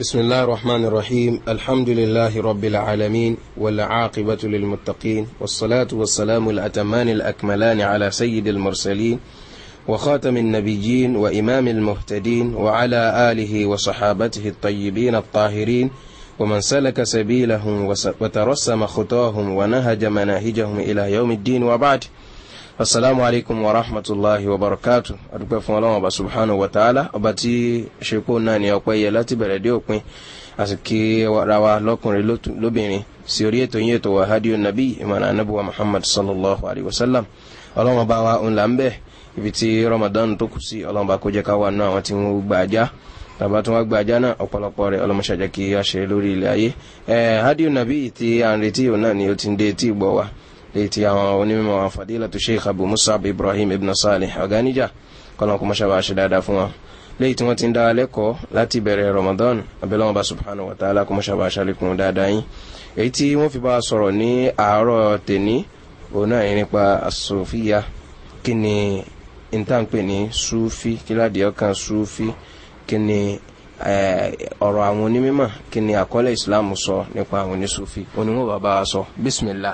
بسم الله الرحمن الرحيم الحمد لله رب العالمين والعاقبة للمتقين والصلاة والسلام الأتمان الأكملان على سيد المرسلين وخاتم النبيين وإمام المهتدين وعلى آله وصحابته الطيبين الطاهرين ومن سلك سبيلهم وترسم خطاهم ونهج مناهجهم إلى يوم الدين وبعد asalaamu alaykum wa rahmatulahi wa barakatu adúpẹ́ fún ọlọ́wọ́n ọba subhanahu wa ta'ala ọba tí ṣekú náà ní ọpẹ́ yẹ láti bẹ̀rẹ̀ dé òpin àti kí ra wa lọ́kùnrin lóbìnrin sí orí ètò yín ètò wàhádìí nàbí ìmọ̀nà anábùwà muhammad sallallahu alayhi wa sallam ọlọ́wọ́n ọba wa ń là ń bẹ̀ ibi tí ramadan tó kù sí ọlọ́wọ́n ọba kó jẹ́ ká wà náà àwọn tí wọ́n gbà já tàbá tí wọ́n gba ajá náà ọ̀pọ̀lọpọ̀ rẹ̀ ọlọ́mọṣàjẹ́ kí lórí ilẹ̀ ayé ẹ̀ hádìí nàbí tí à ń retí òun náà ni ó ti ń dé etí ìgbọ̀ wa létí àwọn onímọ̀ àwọn fadila tó sheikh abu musab ibrahim ibn salih ọ̀gánijà kọ́nà kó mọ́ṣábà ṣe dáadáa fún wa léyìí tí wọ́n ti ń dá lẹ́kọ̀ọ́ láti bẹ̀rẹ̀ ramadan abẹ́lẹ́wọ̀n bá subhanahu wa ta'ala kó mọ́ṣábà ṣàlékún dáadáa yín èyí tí wọ́n fi bá a sọ̀rọ̀ ní àárọ̀ tèní òun náà yìí nípa àsòfíà kí ni ìtànpè ní sufi kíládìí ọkàn sufi kí ni ọ̀rọ̀ àwọn onímọ̀ kí ni àkọlé ìsìláàmù sọ nípa àwọn onísufi onímọ̀ bàbá wa sọ bísmìlá.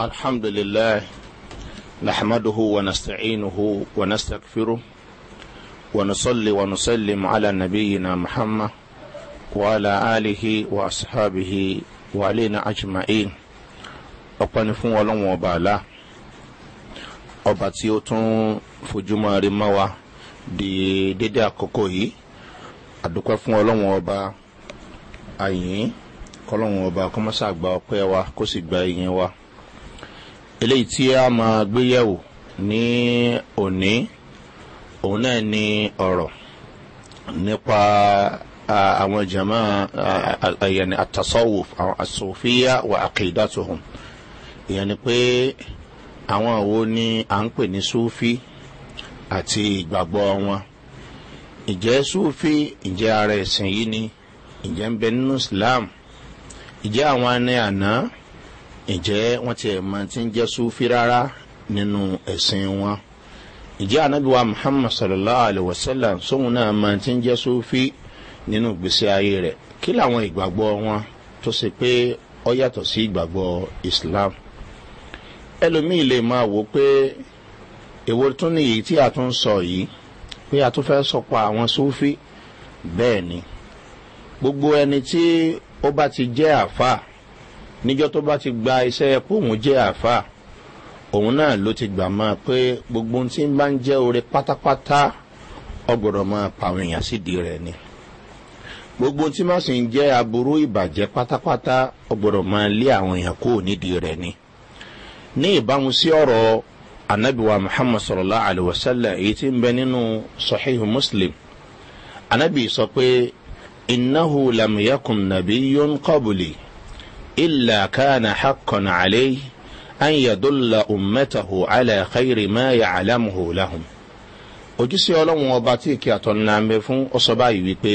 الحمد لله نحمده ونستعينه ونستغفره ونصلي ونسلم على نبينا محمد وعلى آله وأصحابه وعلينا أجمعين أقن فون ولن وبالا أباتي أتون فجمع رموا دي ديدا كوكوي أدوكا فون ولن وبا أيين kọlọ́run ọba kọ́mọ́sá gba ọpẹ́ wa kó sì eléyìí tí a máa gbé yẹ̀wò ní òní òun náà ni ọ̀rọ̀ nípa àwọn jama yẹn àtàsọ́wò àwọn àsòfíà wà àkèédàtòhùn ìyẹn ni pé àwọn àwo ni à ń pè ní sófì àti ìgbàgbọ́ wọn ìjẹ́ sófì ìjẹ́ ara ẹ̀sìn yìí ni ìjẹ́ ń bẹ nínú islam ìjẹ́ àwọn ẹni àná ǹjẹ́ wọ́n ti ẹ̀ mọ̀ tí ń jẹ́ sufi rárá nínú ẹ̀sìn wọn ìjẹ́ anábíwá muhammad sallallahu alayhi wa sallam sóhun náà mọ̀ tí ń jẹ́ sufi nínú ìgbésí ayé rẹ̀ kí làwọn ìgbàgbọ́ wọn tó ṣe pé ọ yàtọ̀ sí ìgbàgbọ́ islam ẹlòmíì lè máa wò pé èwo tún nìyí tí a tún sọ yìí pé a tún fẹ́ sọpọ̀ àwọn sufi bẹ́ẹ̀ ni gbogbo ẹni tí ó bá ti jẹ́ àfáà níjọ́ tó bá ti gba iṣẹ́ póun jẹ́ àfa òun náà ló ti gbà máa pé gbogbo ohun tí ń bá ń jẹ́ oore pátápátá ọgbọ̀dọ̀ máa pàwọn èèyàn sídìí rẹ̀ ni gbogbo ohun tí má sì ń jẹ́ aburú ìbàjẹ́ pátápátá ọgbọ̀dọ̀ máa lé àwọn èèyàn kúrò nídìí rẹ̀ ni ní ìbámu sí ọ̀rọ̀ anabiwa muhammad sallallahu alaihi èyí tí ń bẹ nínú sahihu muslim anabi sọ pé innahu lam yakun nabiyun إلا كان حقا عليه أن يدل أمته على خير ما يعلمه لهم ojúṣe ọlọ́run ọba tí kí àtọ̀nàmẹ fún ọsọ báyìí wípé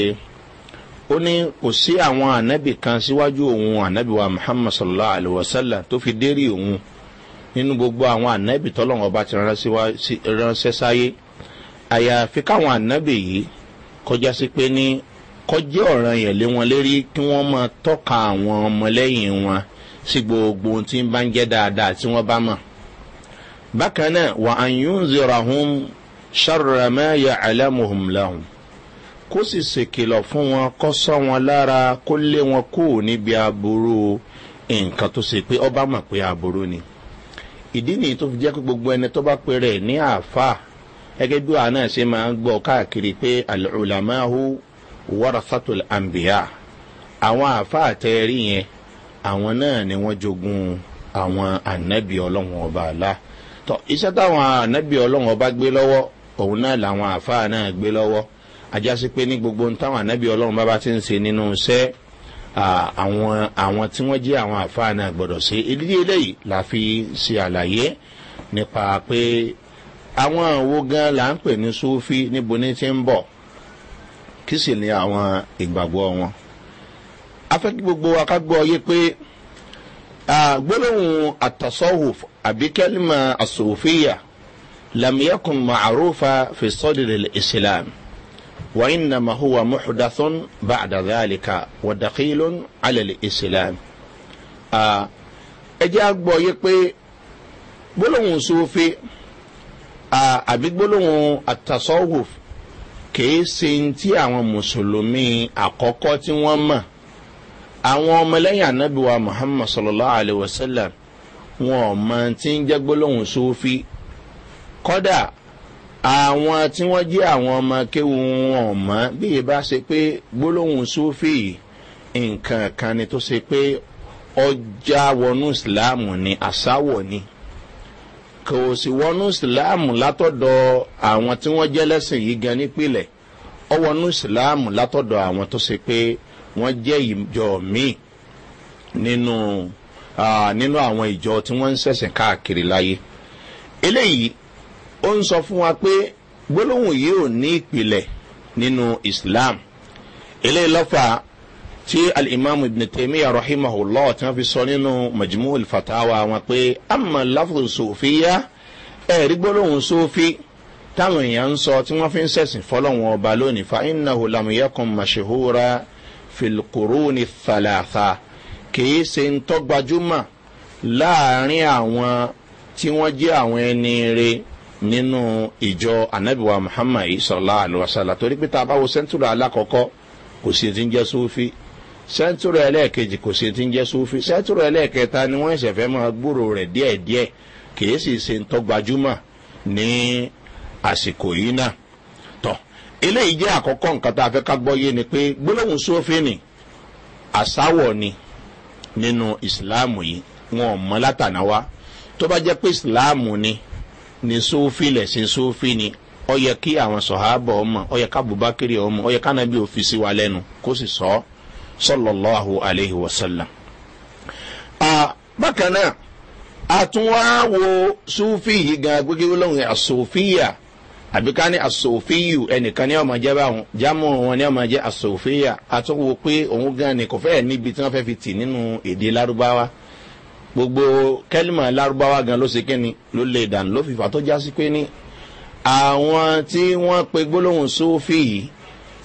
ó ní kò sí àwọn ànábì kan síwájú òun ànábì wa muhammad sallallahu alaihi wa sallam tó fi dérí òun nínú gbogbo àwọn ànábì tọ́lọ́run ọba ti ránṣẹ́ sáyé àyàfi káwọn ànábì yìí kọjá sí pé ní kọjá ọ̀ràn yẹn lé wọn lérí kí wọ́n máa tọ́ka àwọn ọmọlẹ́yìn wọn sí gbogbo ohun tí ń bá ń jẹ́ dáadáa tí wọ́n bá mọ̀. bákan náà wà á yún zira hun ṣàrọ̀mẹ́yà alámùhùn làwọn kó sì ṣèkìlọ̀ fún wọn kó sọ wọn lára kó lé wọn kú níbi aburú nǹkan tó ṣe pé ọba mọ̀ pé aburú ni. ìdí nìyí tó fi jẹ́ pé gbogbo ẹni tó bá pe rẹ̀ ní àáfàá gẹ́gẹ́ bí wàá náà ṣe máa ń gbọ́ káàkiri pé àlùlámáhù warasatul anbiya àwọn àáfàá tẹ́rí yẹn àwọn náà ni wọ́n jogun àwọn ànábì ọlọ́run ọba àlá tọ́ iṣẹ́ táwọn ànábì ọlọ́run ọba gbé lọ́wọ́ òun náà làwọn àáfàá náà gbé lọ́wọ́ ajásí pé ní gbogbo táwọn ànábì ọlọ́run bábá ti ń ṣe nínú iṣẹ́ àwọn àwọn tí wọ́n jẹ́ àwọn àáfàá náà gbọ́dọ̀ ṣe ìdílé eléyìí la fi ṣe àlàyé nípa pé àwọn wo gan là ń pè ní sófi níbo ní ti ń bọ̀ kí sì ni àwọn ìgbàgbọ́ wọn. afẹ́ kí gbogbo wa ká gbọ́ yé pé gbólóhùn àtàsọ́hùf àbí kẹ́límà àsòfíyà lamiyakun ma'arufa fi sọ́dìrì islam وإنما هو محدث بعد ذلك ودخيل على الإسلام ẹjẹ́ agbọ́ yé pé gbólóhùn sófin àbí gbólóhùn àtàsọ́wòf kìí ṣe ti àwọn mùsùlùmí àkọ́kọ́ tí wọ́n mọ̀ àwọn ọmọlẹ́yìn anábìwá muhammad sallallahu alayhi wa sallam wọn ò mọ tí ń jẹ́ gbólóhùn sófi kọ́dà àwọn tí wọ́n jẹ́ àwọn ọmọ kéwu wọn ò mọ bí ẹ bá ṣe pé gbólóhùn sófi nǹkan kan ni tó ṣe pé ọjà wọnú ìsìláàmù ní àṣàwọ̀ ni. Asawo, ni kò sì wọnú ìsìláàmù látọ̀dọ̀ àwọn tí wọ́n jẹ́ lẹ́sìn yìí gan nípìnlẹ̀ ọ wọnú ìsìláàmù látọ̀dọ̀ àwọn tó ṣe pé wọ́n jẹ́ ìjọ míì nínú nínú àwọn ìjọ tí wọ́n ń ṣẹ̀sìn káàkiri láyé eléyìí ó ń sọ fún wa pé gbólóhùn yìí ò ní ìpìlẹ̀ nínú islam eléyìí lọ́fà tí alimami ibn taymiya rahimahullah tí wọ́n fi sọ nínú majmu alfatawa wọn pé ama lafun sofiya ẹ̀rí gbólóhùn sofi táwọn èèyàn ń sọ tí wọ́n fi ń sẹ̀sìn fọlọ́wọn ọba lónìí fa iná hulamiyakun mashihura filkuruni thalatha kìí ṣe ń tọ́gbajúmọ̀ láàrin àwọn tí wọ́n jẹ́ àwọn ẹni rẹ̀ nínú ìjọ anabiwa muhammad sallallahu alaihi wa sallam torí pé tá a bá wo sẹ́ńtúrà alákọ̀ọ́kọ́ kò sí ti ń jẹ́ sófin. sẹ́ńtúrò ẹlẹ́ẹ̀kejì kò sí ti ń jẹ́ sófin sẹ́ńtúrò ẹlẹ́ẹ̀kẹta ni wọ́n ṣẹ̀ fẹ́ máa gbúrò rẹ̀ díẹ̀díẹ̀ kìí sì ṣe ń tọ́gbajúmọ̀ ní àsìkò yìí náà tọ̀ eléyìí jẹ́ àkọ́kọ́ nǹkan tá a fẹ́ ká gbọ́ yé ni pé gbólóhùn sófin ni àsáwọ̀ ni nínú ìsìláàmù yìí wọn ò mọ látàná tó ni ní sófin lẹ̀ ni ọ yẹ kí àwọn sọ̀hábọ̀ ọmọ ọ yẹ ká ọmọ ọ sọ sọlọ́láhu aleyhi wa sallam. bákan náà àtúnwáwo sufi yìí gan gbégbé lóhùn àsofiya àbí ká ní àsofiyu ẹnìkan ní ọmọ jẹ báwọn jámọ wọn ní ọmọ jẹ àsofiya àtúnwò pé òun gan ni kò fẹ́ẹ̀ níbi tí wọ́n fẹ́ fi tì nínú èdè lárúbáwá gbogbo kẹlímà lárúbáwá gan ló ṣe kíni ló lè dànù ló fìfà tó já pé ní àwọn tí wọ́n pe gbólóhùn sufi yìí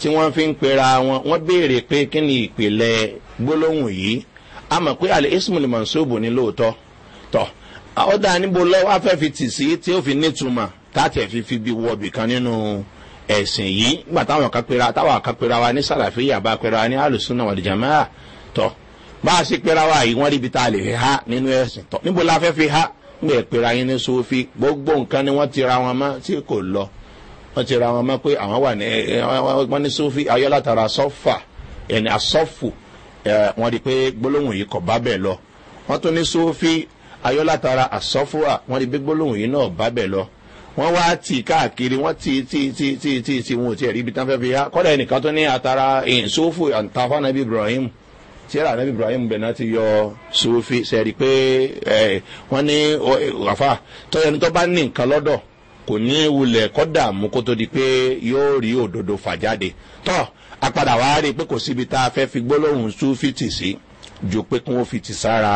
tí wọ́n fi ń pera wọn wọ́n béèrè pé kí ni ìpìlẹ̀ gbólóhùn yìí a mọ̀ pé àlẹ́ ismail mansoub ní lóòótọ́ tọ́ ó dáa níbo lọ́wọ́ afẹ́ fi tì sí tí ó fi nítumọ̀ táàtì ẹ̀ fi fi bí wọ̀bì kan nínú ẹ̀sìn yìí nígbà táwọn kan pera táwọn kan pera wa ní sàràfíà bá pera wa ní alùsùnà wàlìjàmáà tọ́ bá a sì pera wa yìí wọ́n rí ibi tá a lè fi há nínú ẹ̀sìn tọ́ níbo la fẹ́ fi há ń gbẹ̀ pera yín ní sófi gbogbo nǹkan ni wọ́n ti ra wọn mọ́ tí kò lọ wọ́n ti ra wọn mọ́ pé àwọn wà ní wọ́n ní sófì ayọ́ látara sọ́fà ẹni asọ́fù wọ́n di pé gbólóhùn yìí kọ̀ bá bẹ̀ lọ wọ́n tún ní sófì ayọ́ látara asọ́fùà wọ́n di pé gbólóhùn yìí náà bá bẹ̀ lọ wọ́n wá tì káàkiri wọ́n ti ti ti ti ti ti wọn ò tiẹ̀ rí tán fẹ́ fi yá kọ́dà ẹnìkan tó ní atara sófù àtàfà nàbí ibrahim tíyẹ́rà nàbí ibrahim bẹ̀ náà ti yọ sófì sẹ́ẹ̀rí pé eh, wọ́n ní àfà tọ́yẹ̀ni kò ní wulẹ̀ kọ́dà mú kó tó di pé yóò rí òdodo fà jáde tọ́ apadà wá rí i pé kò síbi tá a fẹ́ fi gbólóhùn súfìtì sí ju pé kí wọ́n fi tì sára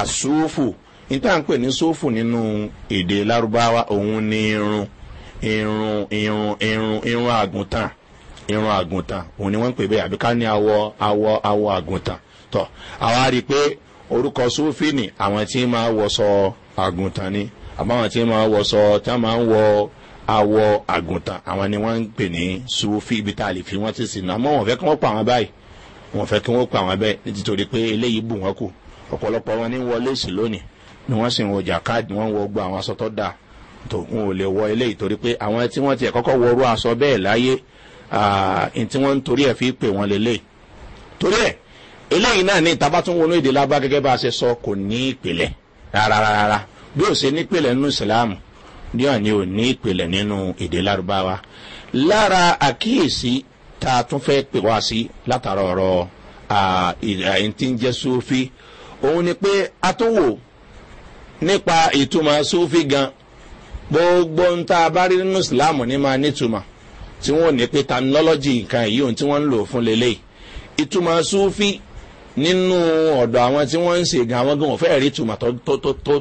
àsúfù níta ń pè ní súfù nínú èdè lárúbáwá òun ni irun irun irun irun irun àgùntàn irun àgùntàn òun ni wọ́n ń pè bẹ́ẹ̀ àbíká ní awọ awọ awọ àgùntàn tọ́ àwa rí i pé orúkọ súfì ni àwọn tí máa wọ̀ sọ àgùntàn ni àbáwọn tí máa wọ sọ tí wọ́n máa ń wọ awọ àgùntàn àwọn ni wọ́n ń pè ní sufi ibi tá a lè fi wọ́n ti sìn àmọ́ wọ́n fẹ́ kí wọ́n pa àwọn báyìí wọ́n fẹ́ kí wọ́n pa àwọn bẹ́ẹ̀ nítorí pé eléyìí bù wọ́n kù ọ̀pọ̀lọpọ̀ wọn ní wọlé sí lónìí ni wọ́n sì ń wọjà káàdì wọ́n wọ gbọ́ àwọn aṣọ tó dáa tó n ò lè wọ eléyìí torí pé àwọn tí wọ́n ti ẹ̀kọ́kọ́ wọrú aṣọ bẹ́ẹ̀ láyé n tí wọ́n ń torí ẹ̀ fi pè wọ́n lélẹ̀ torí ẹ̀ eléyìí náà ní ìtabátúnwó bí ó ṣe nípìnlẹ̀ nínú ìsìláàmù díẹ̀ ni ò ní ìpìlẹ̀ nínú èdè lárúbáwá lára àkíyèsí tá a tún fẹ́ pè wá sí látara ọ̀rọ̀ àyìn tí ń jẹ́ sófi òun ni pé a tún wò nípa ìtumọ̀ sófi gan gbogbo ń tá a nínú ìsìláàmù ní máa nítumọ̀ tí wọ́n ní pé terminology nǹkan yìí ohun tí wọ́n ń lò fún lélẹ́yìí ìtumọ̀ sófi nínú ọ̀dọ̀ àwọn tí wọ́n ń ṣe gan àwọn gan wọ́n fẹ́ẹ̀ rí tùmọ̀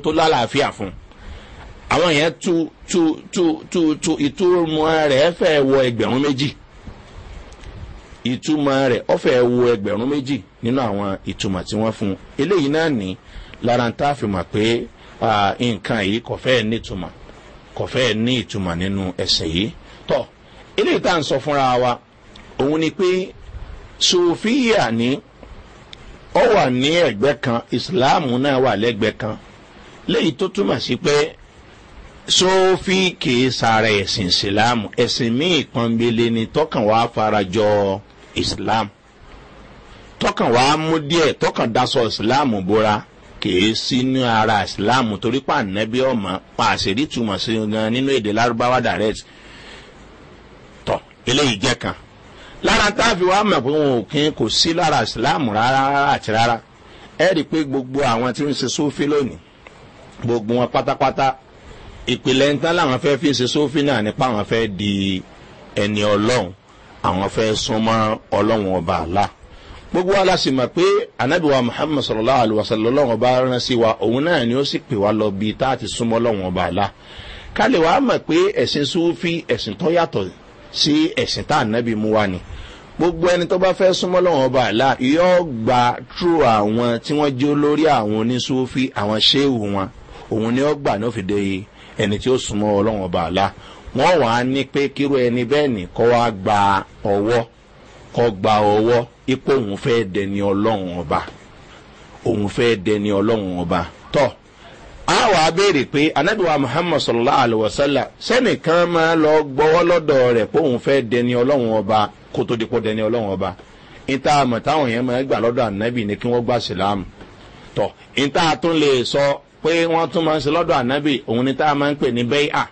tó lálàáfíà fún àwọn yẹn tu tu tu tu tu ìtumọ̀ rẹ̀ fẹ́ wọ ẹgbẹ̀rún méjì ìtumọ̀ rẹ̀ ọ fẹ́ wọ ẹgbẹ̀rún méjì nínú àwọn ìtumọ̀ tí wọ́n fún eléyìí náà ní lára tá a fi mọ̀ pé nǹkan yìí kò fẹ́ẹ̀ ní ìtumọ̀ kò fẹ́ẹ̀ ní ìtumọ̀ nínú ẹsẹ̀ yìí tọ́ eléyìí tá à ń sọ fúnra wa òun ni pé sòfíà ní. So ọ wà ní ẹ̀gbẹ́ kan islam náà wà lẹ́gbẹ̀ẹ́ kan léyìí tó túmọ̀ sí pé sófì kìí sara ẹ̀sìn islam ẹ̀sìn míì pọnbele ni tọkàn wàá farajọ islam tọkàn wàá mú díẹ̀ tọkàn daṣọ islam bóra kìí sínú ara islam torí pa ànábì ọmọ pa àṣírí túmọ̀ sí gan nínú èdè lárúbáwá direct tọ eléyìí jẹ́ kan lára táàfin wa mọ̀ pé wọn ò kín kò sí lára ìsìláàmù rárá àti rárá ẹ rí i pé gbogbo àwọn tí ń ṣe sófin lónìí gbogbo wọn pátápátá ìpìlẹ̀ ń tán láwọn fẹ́ fi ṣe sófin náà nípa àwọn fẹ́ di ẹni ọlọ́run àwọn fẹ́ súnmọ́ ọlọ́run ọba àlá gbogbo wa la sì mọ̀ pé anabi wa muhammed sallallahu alayhi wa sallam ọlọ́run ọba rán sí wa òun náà ni ó sì pè wá lọ bí tá a ti súnmọ́ ọlọ́run ọba àlá kálí wa mọ̀ pé ẹ̀sìn sófin ẹ̀sìn tó yàtọ̀ yìí sí ẹ̀sìn tá ànábì mú wa ni gbogbo ẹni tó bá fẹ́ súnmọ́ lọ́wọ́n ọba àlá yóò gba trú àwọn tí wọ́n jẹ́ olórí àwọn oníṣòfì àwọn ṣéwù wọn òun ni ó gbà ní òfìdè ẹni tí ó súnmọ́ ọlọ́wọ́n ọba àlá wọ́n wà á ní pé kíró ẹni bẹ́ẹ̀ ni kọ́ wá gba ọwọ́ kọ́ gba ọwọ́ ipò òun fẹ́ dẹni ọlọ́wọ́n ọba òun fẹ́ dẹni ọlọ́wọ́n ọba. a wàá béèrè pé anabiwa muhammad sallallahu alaihi wa sallam ma máa lọ gbọ́wọ́ lọ́dọ̀ rẹ̀ pé òun fẹ́ dẹni ọlọ́run ọba kó tó di pọ̀ dẹni ọlọ́run ọba níta àmọ̀ táwọn yẹn máa gbà lọ́dọ̀ anabi ni kí wọ́n gbà sílámù tọ̀ níta tún lè sọ pé wọ́n tún máa ń se lọ́dọ̀ anabi òun níta máa ń pè ní bẹ́ẹ̀ à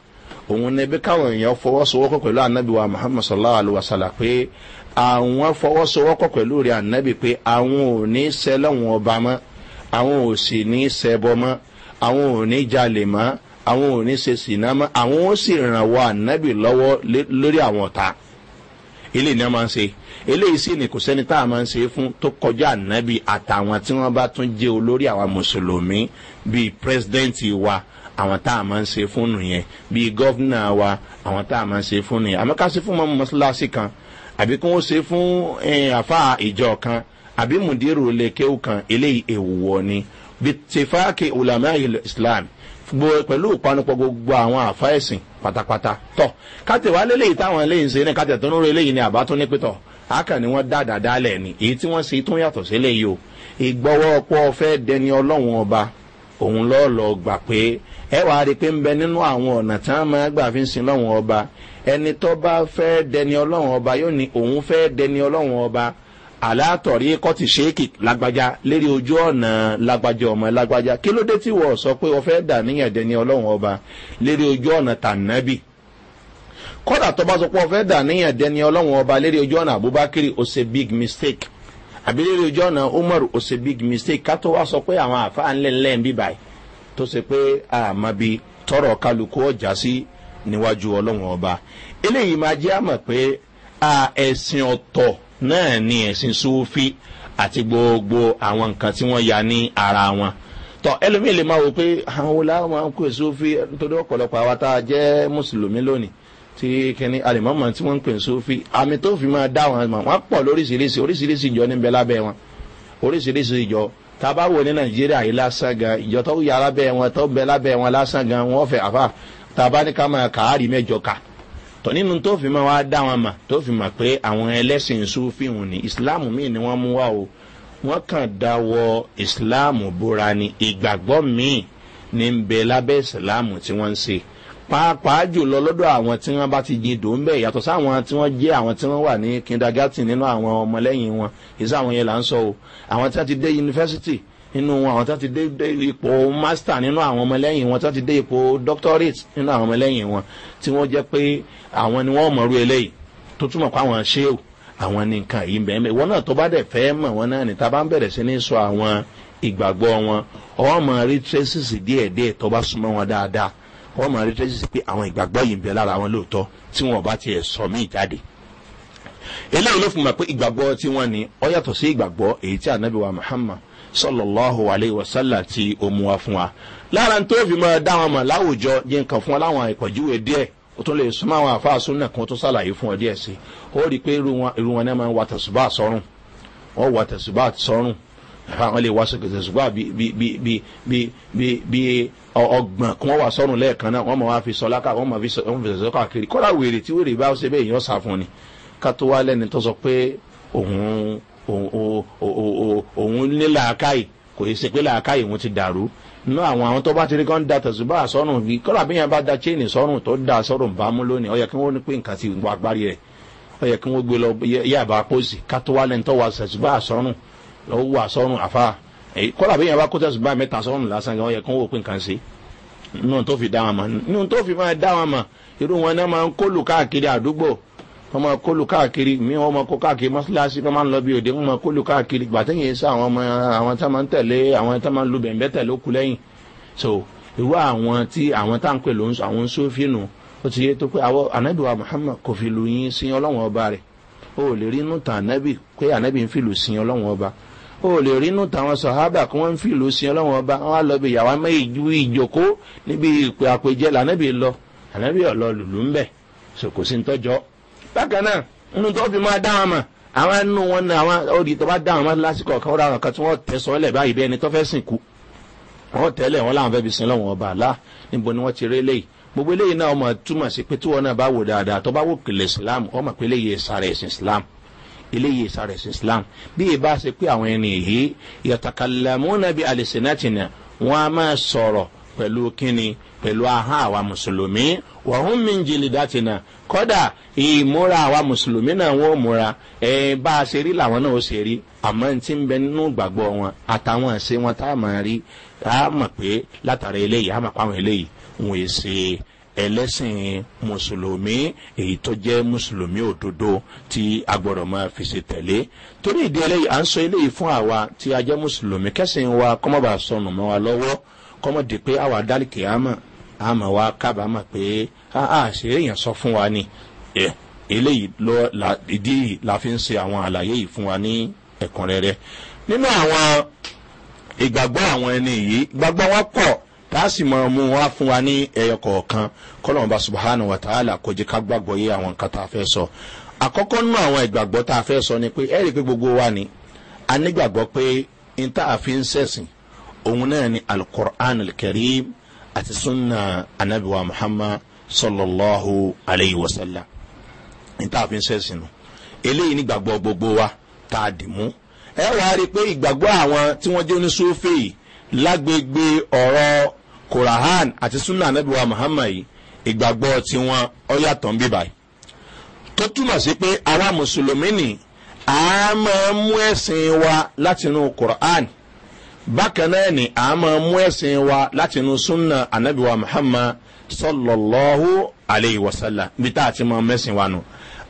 òun ní bí káwọn èèyàn fọwọ́sowọ́kọ̀ pẹ̀lú anabiwa muhammad sallallahu alaihi àwọn ò ní jalè mọ́ àwọn ò ní ṣe sìnà mọ́ àwọn ó sì ràn wá ànábì lọ́wọ́ lórí àwọn ọ̀tá eléyìí ni wọ́n máa ń ṣe eléyìí sì ni kò sẹ́ni tá a máa ń ṣe fún tó kọjá ànábì àtàwọn tí wọ́n bá tún jẹ́ olórí àwọn mùsùlùmí bíi pírẹsidẹ́ǹtì wa àwọn tá a máa ń ṣe fún nìyẹn bíi gọ́fìnà wa àwọn tá a máa ń ṣe fún nìyẹn àmọ́ ká ṣe fún mọ́mú mọ́ṣáláṣí kan àbí kí wọ́n ṣe fún eh, àfa ìjọ kan àbí mùdírù lè kéwù eléyìí èwùwọ̀ ni bitifaki ulama islam pẹ̀lú ìpanupọ̀ gbogbo àwọn àfa ẹ̀sìn pátápátá tọ̀ kátẹ̀wá lélẹ́yìí táwọn eléyìí ń ṣe ní kátẹ̀ tó ń rú eléyìí ní àbá tó ní pẹ́tọ̀ àkà ni wọ́n dáadáa dálẹ̀ ni èyí tí wọ́n ṣe tó yàtọ̀ sí eléyìí o ìgbọ́wọ́ ọpọ́ fẹ́ dẹni ọlọ́run ọba òun lọ́ọ́ lọ gbà pé ẹ wà á rí i pé ń bẹ nínú àwọn ọ̀nà tí wọ́n máa gbà fi ń sin ọlọ́run ọba ẹni tó bá fẹ́ dẹni ọlọ́run ọba yóò ní òun fẹ́ dẹni ọlọ́run ọba àlàtọ̀rí kọ́tì ṣéèkì lágbájá lérí ojú ọ̀nà lágbájá ọmọ lágbájá kí ló dé tí wọ́n sọ pé wọ́n fẹ́ dà níyàn dẹni ọlọ́run ọba lérí ojú ọ̀nà tànàbì kọ́dà tó bá sọ pé wọ́n fẹ́ dà níyàn dẹni ọlọ́run ọba lérí ojú ọ̀nà abubakar ó big mistake àbí lérí ojú ọ̀nà umar ó big mistake ká tó wá sọ pé àwọn àfa ńlẹ̀ńlẹ̀ ń bíbáyìí tó ṣe pé àmàbi tọrọ kálukú ọjà sí níwájú ọlọ́run ọba eléyìí máa jẹ́ àmọ̀ pé ẹ̀sìn ọ̀tọ̀ náà ni ẹ̀sìn sufi àti gbogbo àwọn nǹkan tí wọ́n ya ní ara wọn tọ ẹlòmíì lè máa wò pé àwọn wo láwọn máa ń pè sufi nítorí ọ̀pọ̀lọpọ̀ àwa tá a jẹ́ mùsùlùmí lónìí tí kìnní alimọ́mọ́ tí wọ́n ń pè sufi àmì tó fi máa dá wọn mọ̀ wọ́n pọ̀ lóríṣiríṣi oríṣiríṣi ìjọ níbẹ̀ lábẹ́ wọn oríṣiríṣi ìjọ tábà wò ní nàìjíríà yìí lásán gan ìjọ tó yà lábẹ́ wọn tó bẹ lábẹ́ wọn lásán gan wọ́n fẹ́ àfà tábà ní ká máa kàárì mẹ́jọ ká tọ́ nínú tó fi máa wá dá wọn mà tó fi mà pé àwọn ẹlẹ́sìn sófìhùn ní ìsìláàmù míì ni wọ́n mú wá o wọ́n kàn dáwọ́ ìsìláàmù búra ni ìgbàgbọ́ míì ní ń bẹ lábẹ́ ìsìláàmù tí wọ́n ń ṣe pàápàá jùlọ lọ́dọ̀ àwọn tí wọ́n bá ti yin dò ń bẹ̀ yàtọ̀ sáwọn tí wọ́n jẹ́ àwọn tí wọ́n wà ní kindergarten nínú àwọn ọmọlẹ́yìn wọn ìsáwọn yẹn là ń sọ o àwọn tí wọ́n ti dé yunifásitì nínú àwọn tó ti dé ipò master nínú àwọn ọmọlẹ́yìn wọn tó ti dé ipò doctorate nínú àwọn ọmọlẹ́yìn wọn tí wọ́n jẹ́ pé àwọn ni wọ́n mọ̀rú eléyìí tó túmọ̀ pé àwọn ṣé o àwọn ní nǹkan yìí bẹ́ẹ̀ mẹ́ẹ̀ wọ́n náà tó bá dẹ̀ fẹ́ mọ̀ wọ́n náà ní ta bá ń bẹ̀rẹ̀ sí ní sọ àwọn ìgbàgbọ́ wọn ọwọ́ mọ̀ rí traces díẹ̀ díẹ̀ tó bá súnmọ́ wọn dáadáa ọwọ́ mọ̀ rí traces pé àwọn ìgbàgbọ́ yìí muhammad sọlọ́láhùn aleyhi wa sálà tí ó mú wa fún wa lára tó fi máa dá wọn mọ̀ láwùjọ yẹn kan fún wa láwọn ìpọ̀júwe díẹ̀ o tún lè súnmọ́ àwọn àfáàsùn náà kan tó sàlàyé fún ọ díẹ̀ sí ó rí i pé irun wọn náà máa ń wa tẹ̀sùbá sọ́rùn wọ́n wa tẹ̀sùbá sọ́rùn àwọn lè wá sókè bí ọgbọ̀n kí wọ́n wà sọ́rùn lẹ́ẹ̀kan náà wọ́n máa fi sọ wọ́n máa fi sọ káàkiri kọ́lá wèrè tí wèrè bá ṣe bẹ́ẹ̀ yẹn ọ̀sà fún ni ká tó wá lẹ́ni tó sọ pé òun òun ní làákàyè kò yẹ ṣe pé làákàyè òun ti dàrú nínú àwọn àwọn tó bá ti rí kan da tẹ̀sùbá sọ́rùn yìí kọ́lá bí yẹn bá da chain sọ́rùn tó da sọ́rùn bámú lónìí ọ̀yẹ́ kí wọ́n ní pé nǹkan ti wọ agbárí rẹ̀ ọ̀yẹ́ kí wọ́n gbé lọ yàbá pósì kátó wálé ń tọ́wọ́ tẹ̀sùbá sọ́rùn lọ́wọ́ wà sọ́rùn àfa kọ́lá bí yẹn bá kó tẹ̀sùbá mẹ́ta sọ́rùn lásán ọ̀yẹ́ kí wọ́n pè nǹkan sí nínú tó fi dá wọn mọ̀ nínú tó fi máa dá wọn mọ̀ irú wọn náà máa ń kólù káàkiri àdúgbò wọ́n máa kólu káàkiri mi wọ́n máa kó káàkiri mọ́síláṣí wọ́n máa ń lọ bí òde wọ́n máa kólu káàkiri gbàtẹ́yìn ẹ̀sà àwọn ọmọ àwọn tá máa ń tẹ̀lé àwọn tá máa ń lu bẹ̀m̀bẹ̀ tẹ̀lé òkú lẹ́yìn so irú àwọn tí àwọn tá à ń pè ló ń sọ àwọn sófin ó ti yé tó pé àwọn anábìwá muhammad kò fi lu yín sí ọlọ́wọ́n ọba rẹ̀ o ò lè rí inú tàn anábì pé anábì ń fìlù sí ọlọ́wọ́n ọba o ò lè rí inú tàwọn sọ̀hábà kí wọ́n ń fìlù sí ọlọ́wọ́n ọba wọ́n á lọ bí yàrá méjì ìjòkó níbi ìpè àpèjẹ lànàbì lọ ànàbì ọ̀lọ́ lùlù ń bẹ̀ so kò sí ń tọ́jọ́ bákan náà nínú tó fi máa dá wọn àwọn nínú wọn náà àwọn òdì tó bá dá wọn lásìkò ọ̀kan ọ̀rọ̀ àwọn kan tí wọ́n sọ́ọ́lẹ̀ báyìí bí ẹni tó fẹ́ sìnkú wọ́n tẹ́lẹ̀ wọn làwọn fẹ́ fi sin ọba àlá níbo ni wọ́n ti rí eléyìí gbogbo eléyìí náà ọmọ túmọ̀ sí pé tí dáadáa tó bá wò kọ́dà ìmúra àwa mùsùlùmí náà wọ́n múra ẹ bá a ṣe rí làwọn náà ó ṣe rí àmọ́ n ti ń bẹ nínú ìgbàgbọ́ wọn àtàwọn ṣe wọn tá a máa rí a mọ̀ pé látara eléyìí a mọ̀ pé àwọn eléyìí wọn è ṣe ẹlẹ́sìn mùsùlùmí èyí tó jẹ́ mùsùlùmí òdodo tí a gbọ́dọ̀ máa fi ṣe tẹ̀lé torí ìdí eléyìí à ń sọ eléyìí fún àwa tí a jẹ́ mùsùlùmí kẹ́sìn wa kọ́mọ́bà sọnù mọ́ wa lọ́wọ́ kọ́mọ́dé pé àwa dálìkì àmọ́ àmọ́ wa kábàámọ̀ pé àṣẹ ah, ah, èèyàn sọ fún wa ni eléyìí lọ ìdí yìí la fi ń ṣe àwọn àlàyé yìí fún wa ní ẹ̀kúnrẹ́rẹ́ nínú àwọn ìgbàgbọ́ àwọn ẹni yìí gbàgbọ́ wọn pọ̀ tààsì mọ̀ mú wá fún wa ní ẹyọ kọ̀ọ̀kan kọ́lọ́mù bá subahana wa ta'ala kò jẹ́ ká gbàgbọ́ yé àwọn nǹkan tá a fẹ́ sọ àkọ́kọ́ nínú àwọn ìgbàgbọ́ tá a fẹ́ sọ ni pé ẹ pé gbogbo wa ni a nígbàgbọ́ pé n tá a fi ń sẹ̀sìn òun náà ni alukur'an kẹrìm àti sunna anabiwa muhammad sọlọ́láhu aleyhi wa sallam níta fi ń sẹ́sìn nù eléyìí ní gbàgbọ́ gbogbo wa tá a dì mú ẹ wà á rí i pé ìgbàgbọ́ àwọn tí wọ́n jẹ́ oníṣòfè yìí lágbègbè ọ̀rọ̀ kòràhán àti sunna anabiwa muhammad yìí ìgbàgbọ́ tiwọn ọ̀yàtọ̀ ń bíbáyìí tó túmọ̀ sí pé àwa mùsùlùmí nì àá máa mú ẹ̀sìn wa látinú kòràhán bákan náà ni a máa mú ẹ̀sìn wa láti inú súnà anabiwa muhammad sallallahu alayhi wa sallam bí tá a ti máa mẹ́sìn wa nù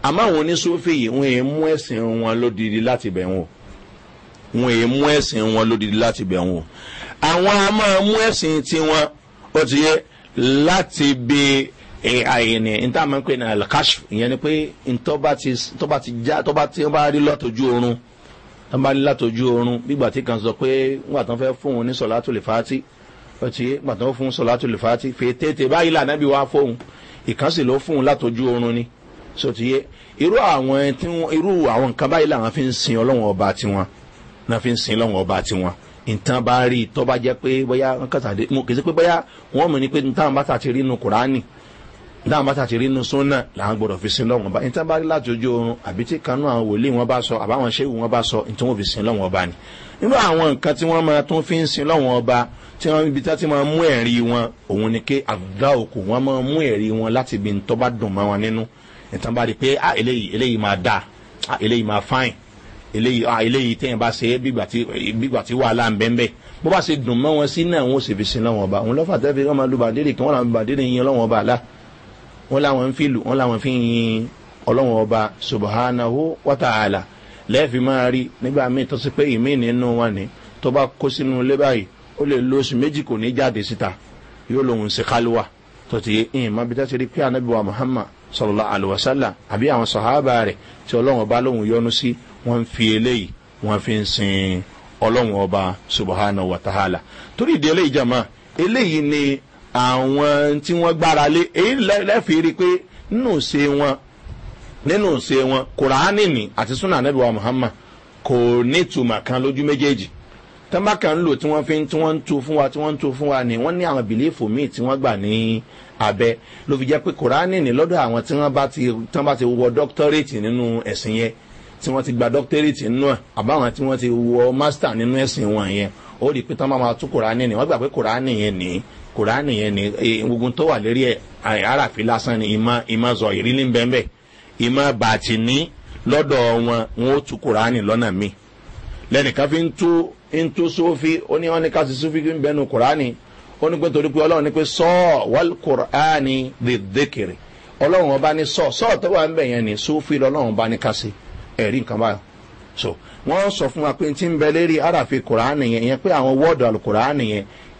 àmọ́ àwọn oníṣòfì yìí wọ́n èé mú ẹ̀sìn wọn lódìdí láti bẹ̀ wọ́n wọ́n èé mú ẹ̀sìn wọn lódìdí láti bẹ̀ wọ́n àwọn a máa mú ẹ̀sìn tiwọn ó ti yẹ láti bi àyìnì níta máa ń pè ní alkashf ìyẹn ni pé ntọ́ bá ti já tọ́ bá ti rí lọ́tọ̀jú oorun tán bá ní látọjú oorun gbígbà tí kan sọ pé ńgbà tán fẹ́ fún òun ní sọ̀lá tó lè fa tí ó ti ńgbà tán fún sọ̀lá tó lè fa tí fi tètè báyìí lànà bí wàá fóun ìkànsì ló fún un látọjú oorun ni so yé irú àwọn tí wọn irú àwọn nǹkan báyìí làwọn fi ń sin ọlọ́wọ́n ọba tiwọn náà fi ń sin ọlọ́wọ́n ọba tiwọn nǹkan bá rí tọ́ bá jẹ́ pé bóyá kàtàdé mo kì í sí pé bóyá wọ́n mú ni pé táwọn bá tà ti rí nu kùránì dáhùn bá tàti rí inú súnà làwọn gbọdọ̀ fi sin lọ́wọ́n ọba ní tá bá rí láti ojú oorun àbí tí kanú àwọn wòlíì wọn bá sọ àbáwọn ṣéwù wọn bá sọ ní tí wọn fi sin lọ́wọ́n ọba ni nínú àwọn nǹkan tí wọ́n máa tún fi ń sin lọ́wọ́n ọba tí wọ́n ibi tá ti mú ẹ̀rí wọn òun ni pé àdá òkú wọn máa mú ẹ̀rí wọn láti ibi tó bá dùn mọ́ wọn nínú ní bá rí pé ah eléyìí eléyìí máa dà ah eléyìí máa fáìn ah eléyìí téèyàn bá ṣe é bígbà tí wàhálà ń bẹ́ńbẹ́ bó bá ṣe dùn mọ́ wọn sí náà wọn ò sì fi sin lọ́wọ́n ọba òun lọ́fà tẹ́fẹ́ kí wọn làwọn ń fi lù wọn làwọn fi ń yin ọlọ́wọ́n ọba subahánahu wàtàhálà lẹ́ẹ̀fi máa rí nígbà míì tó sì pé ìmíì nínú wọn ni tó bá kó sínú ilé báyìí ó lè lo oṣù méjì kò ní jáde síta yóò lòun ṣe kálíwà tó ti yé ìyìn má bi tá ti rí pé anábìwá muhammad sọlọlá alùwàsálà àbí àwọn sọ̀hábà rẹ̀ tí ọlọ́wọ́n ọba lòun yọnu sí wọ́n ń fi eléyìí wọ́n fi ń sin ọlọ́wọ́n ọba subahánahu wàtàhálà torí ìdí eléyìí jàmá eléyìí ni àwọn tí wọ́n gbára lé èyí lẹ́fìí rí i pé nínú ṣe wọn nínú ṣe wọn kùránì ni àti súnà anábìwá muhammad kò ní ìtumọ̀ kan lójú méjèèjì tọ́ba kan lò tí wọ́n fi tí wọ́n ń tu fún wa tí wọ́n ń tu fún wa ni wọ́n ní àwọn bìlífù míì tí wọ́n gbà ní abẹ ló fi jẹ́ pé kùránì ni lọ́dọ̀ àwọn tí wọ́n bá ti tí wọ́n bá ti wọ dọ́kítọ́rẹ́tì nínú ẹ̀sìn yẹn tí wọ́n ti gba dọ́kítọ́rẹ́tì nínú ẹ̀ àbáwọn tí wọ́n ti wọ mástà nínú ẹ̀sìn wọn yẹn ó rí i pé tọ́ba máa tú kùránì ni wọ́n gbà pé kùránì yẹn nìyí kùránì yẹn ni e, ogun tó wà lérí aráàfin lásán ni ìmọ̀ zọ ìrírí bẹ́ẹ̀ bẹ́ẹ̀ bàtì ní lọ́dọ̀ wọn wọn ó tu kùránì lọ́nà mi lẹ́nìkan fi ń ń sófi ní wọn ní ká sí sófi bẹnu kùránì ó ní pé torí pé ọlọ́run ní pé wọ́n kùránì lè ọlọ́run ni sófi lọ́lọ́run ní ká sí ẹ̀rí wọ́n sọ fún wa pé ń bẹ yẹn yẹn pé àwọn wọ́ọ̀dù yẹn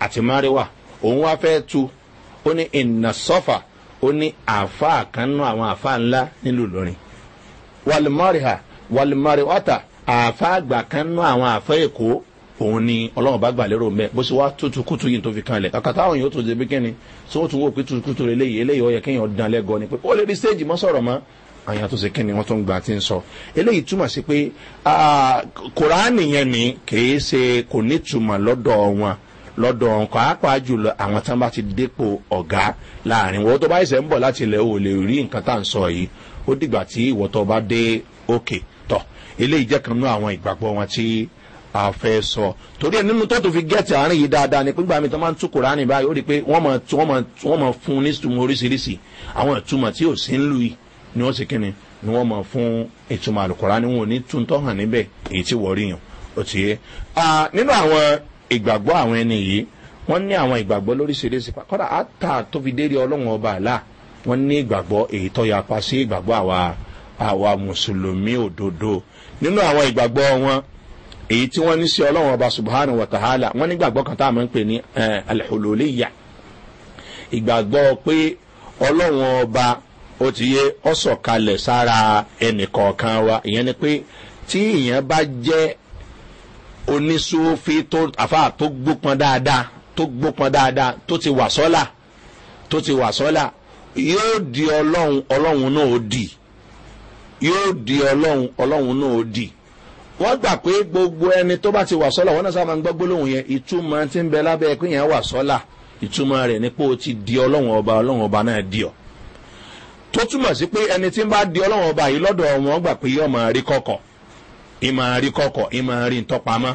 àti mariwa òun wá fẹ́ tu ó ní ìnà sọ́fà ó ní àáfàá kan nú àwọn àáfàá ńlá nílùú lórin wàlùmọ́rìhà wàlùmọ́rìwátà àáfàá àgbà kan nú àwọn àáfàá èkó òun ni ọlọ́run bá gbà lérò mẹ́ bó ṣe wá tútù kútù yìí tó fi kan lẹ̀ kàkà táwọn yóò tó ṣe bí kíni tí tún wò pé tútù kútù eléyìí eléyìí ọ̀yẹ́ kéèyàn dán lẹ́gọ́ ni pé ó lè rí stéèjì mọ́ sọ̀rọ̀ mọ́ àyàn tó ṣe kíni wọ́n tó ń gbà tí ń sọ eléyìí túmọ̀ sí pé ah, kòránì yẹn ni kì í ṣe kò ní túmọ̀ lọ́dọ̀ wọn lọ́dọ̀ ọ̀nkọ́ apá jùlọ àwọn tán bá ti dépò ọ̀gá láàrin wọ́n tó bá ṣẹ̀ ń bọ̀ láti ilẹ̀ o lè rí nǹkan tá à ń sọ yìí ó dìgbà tí ìwọ́ tó bá dé òkè tọ̀ eléyìí jẹ́ kan nú àwọn ìgbàgbọ́ wọn tí a fẹ́ sọ torí ẹ nínú tó tó fi gẹ́ẹ̀tì àárín yìí dáadáa ni pípa mi tó máa ń tú kùránì báyìí ó rí i pé wọ́n máa fún ní oríṣiríṣi àwọn ìtumọ̀ tí ò sí ń lù yìí ni wọ́n sì kíni ni wọ́n máa fún ìtumọ̀ àlùkùránì wọn ò ní ìgbàgbọ́ àwọn ẹni yìí wọ́n ní àwọn ìgbàgbọ́ lóríṣiríṣi kọ́dà àtà tó fi dérí ọlọ́run ọba àlà wọ́n ní ìgbàgbọ́ èyí tó yapa sí ìgbàgbọ́ àwa àwa mùsùlùmí òdodo nínú àwọn ìgbàgbọ́ wọn èyí tí wọ́n ní sí ọlọ́run ọba subhanahu wa ta'ala wọ́n ní ìgbàgbọ́ kan tá a máa ń pè ní eh, alihuloliya ìgbàgbọ́ pé ọlọ́run ọba ó ti yé ọ̀sọ̀kalẹ̀ sára ẹnìkọ̀ọ̀kan wa ìyẹn ni pé tí ìyẹn bá jẹ́ onísúfì tó àfa tó gbópọn dáadáa tó gbópọn dáadáa tó ti wà sọ́là tó ti wà sọ́là yóò di ọlọ́run ọlọ́run náà ó di yóò di ọlọ́run ọlọ́run náà ó di wọ́n gbà pé gbogbo ẹni tó bá ti wà sọ́là wọ́n náà sábà ń gbọ́ gbólóhùn yẹn ìtumọ̀ ti ń bẹ lábẹ́ pé yẹn wà sọ́là ìtumọ̀ rẹ̀ ni pé o ti di ọlọ́run ọba ọlọ́run ọba náà di ọ tó túmọ̀ sí pé ẹni tí ń bá di ọlọ́run ọba yìí lọ́dọ̀ ọmọ gbà pé yóò rí kọ̀kọ̀ ìmọ̀ àrí kọ̀kọ̀ ìmọ̀ àrí ntọ́pamọ́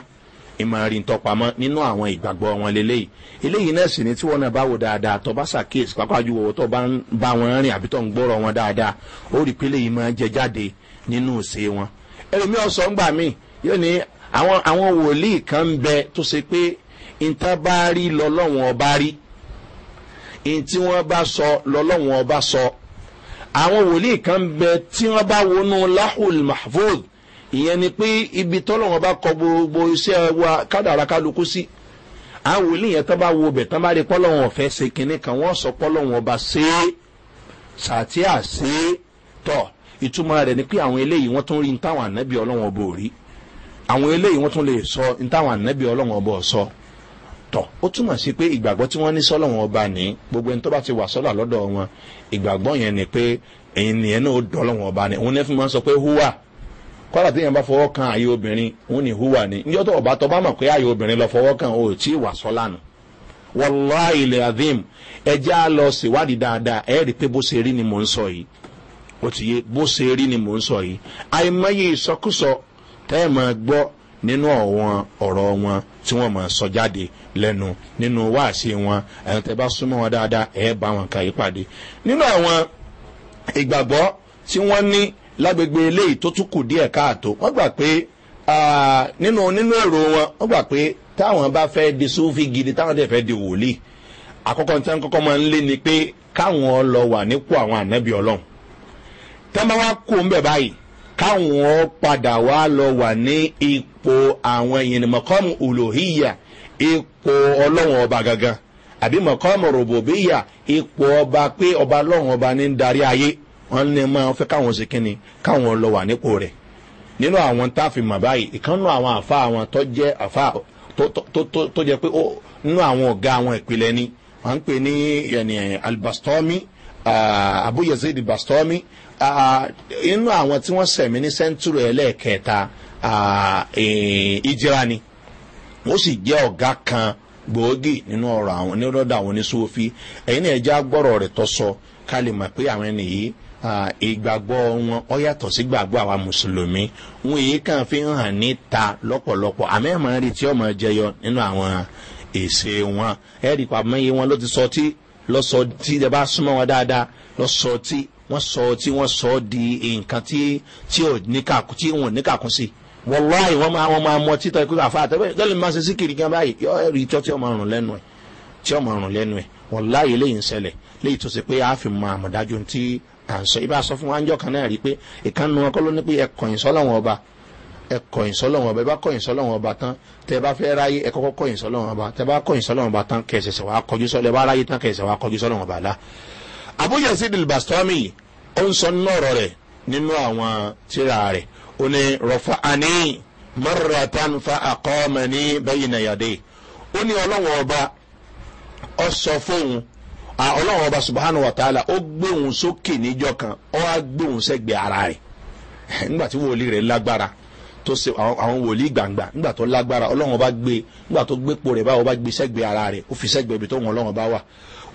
ìmọ̀ àrí ntọ́pamọ́ nínú àwọn ìgbàgbọ́ wọn lélẹ́yìí eléyìí náà sì ni tí wọ́n náà bá wò dáadáa tó bá ṣàkíyèsí pápá ju owó tó bá ń bá wọn rìn àbí tó ń gbọ́rọ̀ wọn dáadáa ó rí pé léyìí máa jẹ jáde nínú ìṣe wọn. ẹlòmíì ọ̀sán gbà mí yóò ní àwọn àwọn wòlíì kan bẹ tó ṣe pé ìtàn bá rí lọ́lọ́wọ́n ọba rí ìyẹn ni pé ibi tọ́lọ́wọ́n bá kọ gbogbo iṣẹ́ wa kádàrá kálukú sí àwọn wòlíì yẹn tán bá wo bẹ̀ tán bá rí pọ́lọ́wọ́n ọ̀fẹ́ ṣe kinní kan wọ́n sọ pọ́lọ́wọ́n ọba ṣe é ṣàtì àṣe tọ̀ ìtumọ̀ rẹ̀ ni pé àwọn eléyìí wọ́n tún rí ní táwọn ànábì ọlọ́wọ́n ọba ò rí àwọn eléyìí wọ́n tún lè sọ ní táwọn ànábì ọlọ́wọ́n ọba ò sọ tọ̀ ó túmọ̀ sí pé ìgbàgbọ́ tí wọ́n ní sọ́lọ́wọ́n ọba ní gbogbo ẹni tó bá ti wà sọ́là lọ́dọ̀ wọn ìgbàgbọ́ yẹn ni pé èyí náà ó dọ́lọ́wọ́n ọba ní òun náà fi máa ń sọ pé húwà kọ́lá tí yẹn bá fọwọ́ kan àyè obìnrin òun ni hùwà ni níjọ́ tó ọba tó bá mọ̀ pé àyè obìnrin lọ fọwọ́ kan ò tí ì wà sọ́lànà wọ́lá ilẹ̀ adhim ẹjẹ́ á lọ ṣèwádìí dáadáa ẹ̀ rí pé bó ṣe rí ni mò ń sọ yìí ó ti yé bó ṣe rí ni mò ń sọ yìí àìmọye ìsọkúsọ tẹ́ ẹ̀ máa gbọ́ nínú ọ̀wọ́n ọ̀rọ̀ wọn tí wọ́n máa sọ jáde lẹ́nu nínú wáàsí wọn ẹ̀yìn wọn dáadáa ẹ̀ bá wọn kà yí lágbègbè eléyìí tó tún kù díẹ̀ káàtó wọ́n gbà pé nínú nínú èrò wọn wọ́n gbà pé táwọn bá fẹ́ di sófin gidi táwọn dẹ̀ fẹ́ di wòlíì àkọ́kọ́ tí wọ́n kọ́kọ́ máa ń lé ni pé káwọn lọ wà nípò àwọn ànábì ọlọ́run tẹ́lẹ̀ wá kó ń bẹ̀ báyìí káwọn padà wá lọ wà ní ipò àwọn ìyìnmọ̀kọ́mù olóhìyà ipò ọlọ́run ọba gangan àbí mọ̀kọ́mù rògbòbíyà ipò ọba pé ọba ọlọ́run ọba ní darí ayé wọ́n lè máa fẹ́ káwọn ṣe kínni káwọn lọ wà nípò rẹ̀ nínú àwọn tá a fi mà báyìí ìkànnù àwọn àfa àwọn tó jẹ́ àfa tó jẹ́ pé nínú àwọn ọ̀gá àwọn ìpìlẹ̀ ni wọ́n ń pè ní albastomi abuyezid bastomi inú àwọn tí wọ́n sẹ̀mí ní sẹ́ńtúrì ẹlẹ́ẹ̀kẹta ìjìra ni ó sì jẹ́ ọ̀gá kan gbòógì nínú ọ̀rọ̀ àwọn onírọ̀dà àwọn oníṣòwò fi ẹ̀yin ẹ̀já gbọ́rọ̀ rẹ̀ tọ́ sọ ká lè mọ̀ pé àwọn ẹni yìí Ah, ìgbàgbọ́ wọn ọ yàtọ̀ sí gbàgbọ́ àwa mùsùlùmí wọn èyí kàn fi ń hàn níta lọ́pọ̀lọpọ̀ àmọ́ ẹ̀ máa ń rí tí ọmọ jẹyọ nínú àwọn èsè wọn ẹ̀ rí pàmò iye wọn ló ti sọ tí lọ́sọ tí ẹ bá súnmọ́ wọn dáadáa lọ́sọ tí wọ́n sọ tí wọ́n sọ di nǹkan tí tí ò níkàkùn tí wọn ò níkàkùn sí wọláì wọn máa wọn máa mọ títọ́ ikú àfa àtẹ́wé tẹ́lẹ̀ máa ṣe sí kiri gan báyìí yọ ẹ̀rí tí ó máa rùn lẹ́nu ẹ̀ tí a fi mọ àmọ̀dájú àṣọ ibà sọ fún wa ń jọ kan náà rí pé ìkànnì wọn kọ́ ló ní pé ẹ̀kọ́ ìsọ́lọ́wọ́n ọba ẹ̀kọ́ ìsọ́lọ́wọ́n ọba ẹ bá kọ́ ìsọ́lọ́wọ́n ọba tán tẹ bá fẹ́ ráyé ẹ kọ́kọ́ kọ́ ìsọ́lọ́wọ́n ọba tẹ bá kọ́ ìsọ́lọ́wọ́n ọba tán kẹsẹsẹ wàá kọjú sọ́lẹ̀ bá ráyé tán kẹsẹsẹ wàá kọjú sọ́lọ́wọ́n ọba la. àbújá sí dilbastomi ó ń sọ nínú rẹ̀ nínú àwọn tíra rẹ̀ ó ní rọ̀fà àní mọ́rọ̀tàn fa àkọ́mẹ́ni bẹ́yìn nàyàdé ó ní ọlọ́wọ́n ọba ọ sọ fóun ọlọ́run ọba subahana wa taala ó gbóhùn sókè níjọ kan ó wá gbóhùn sẹ́gbẹ̀ẹ́ ara rẹ̀ nígbà tí wòlíì rẹ̀ lágbára tó ṣe àwọn wòlíì gbàngbà nígbà tó lágbára ọlọ́run ọba gbé nígbà tó gbépo rẹ̀ báwo bá gbé sẹ́gbẹ̀ẹ́ ara rẹ̀ ó fi sẹ́gbẹ̀ẹ́ ibi tó wọn ọlọ́run ọba wà.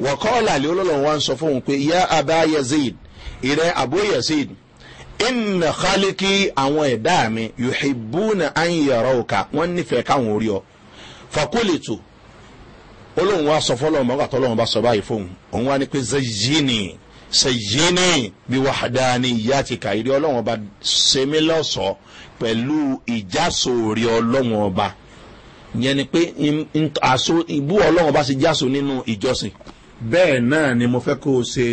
wọ́kọ́ọ̀lá lé ọlọ́run wa ń sọ fóun pé ya abá yazid ìrẹ́ àbó yazid ìnà kálíkì àwọn ẹ̀dá mi yòhìbùnà àyìnyẹ̀rọ̀ òkà wọ́n nífẹ̀ẹ́ káwọn orí ọ. fakulitu olóhùn wa sọ fọlọ́hùn bá wàtọ́ lọ́hùn bá sọ báyìí fóun òun wa ni pé zayini zayini bí wàhádàáni ìyá ti kà ìrí ọlọ́hùn ọba sẹ́mi lọ́sọ̀ pẹ̀lú ìjásòrí ọlọ́hùn ọba yẹn ni pé àṣọ ìbú ọlọ́hùn ọba ti jásò nínú ìjọsìn bẹ́ẹ̀ náà ni mo fẹ́ kó o ṣe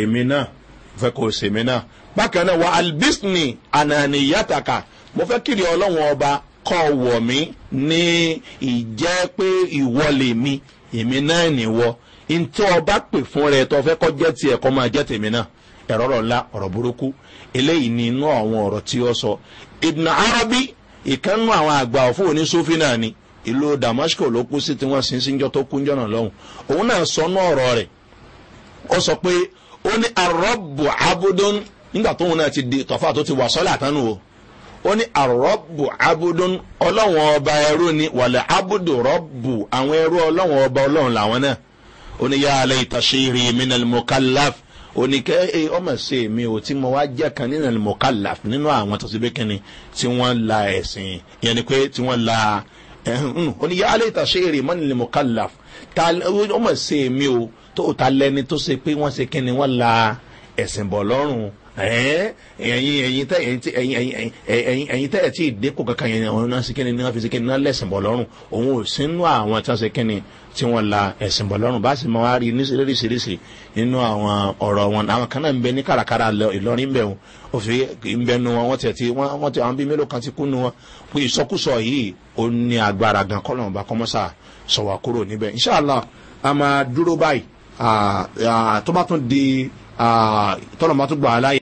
èmi náà mo fẹ́ kó o ṣe náà bákan náà wa albisni ananiyataka mo fẹ́ kiri ọlọ́hùn ọba kọ́ wọ̀ mí ní ìjẹ́ pé ìwọ lè mi èmi náà nìwọ ntẹ́ ọba pè fún rẹ tó fẹ́ kọ́ jẹ́ tiẹ̀ kọ́ máa jẹ́ tèmi náà ẹ̀rọ ọ̀rọ̀ ọ̀rọ̀ burúkú eléyìí ni inú àwọn ọ̀rọ̀ tí ó sọ ibùdó arabi ìkànnù àwọn àgbà òfò ní náà ni ìlú damasco ló kú sí tí wọ́n sin síjọ́ tó kú jọ̀nà lọ́hùn òun náà sọ ọ́nà ọ̀rọ̀ rẹ̀ ó sọ pé ó ní arọ́bù abudun nígbà tóun náà ti di tọ́fà tó ti wà sọ́lá àtànù o ó ní àrọ́bù abudun ọlọ́wọ́n ọba ẹrú ni wàlẹ̀ abudu rọ́bù àwọn ẹrú ọlọ́wọ́n ọba ọlọ́run làwọn náà ó ní yàrá ìtàṣírí minal mukallaf ó ní kẹ́ ẹ ọmọ ṣe mi ò tí mo wá jẹ́ kan nínú al mukallaf nínú àwọn tó ti bẹ́ kínni tí wọ́n la ẹ̀sìn yẹn ni pé tí wọ́n la ẹ̀hún ó ní yàrá ìtàṣírí minal mukallaf ọmọ ṣe mi ò tó ta lẹ́ni tó ṣe pé wọ́n ṣe kínni wọ́n la ẹ̀sìn bọ̀ lọ́rùn ẹ̀yìn ẹ̀yìn ẹ̀yìn ẹ̀yìn ẹ̀yìn tẹ́yẹ̀ tí ìdẹ́kù kankan yẹn àwọn náà sikẹ́ni ní wọ́n fi sikẹ́ni náà lẹ̀sìn bọ̀ lọ́rùn òun ò sínú àwọn tí wọ́n sikẹ́ni tí wọ́n la ẹ̀sìn bọ̀ lọ́rùn bá sì máa rí níṣiríṣiríṣi nínú àwọn ọ̀rọ̀ wọn àwọn kan náà ń bẹ ní kàràkàrà ìlọrin bẹ̀ wọn òfin ń bẹ nu wọn wọ́n ti wọ́n ti àwọn bíi mélòó kan ti kú nu wọn pé ìsọkúsọ yìí ó ní agbára gan kọ́lọ́n bá kọ́mọ́sà sọ̀wà kúrò níbẹ̀ inṣàlá di tọ́lọ́mọ́ tó gbà á láyè.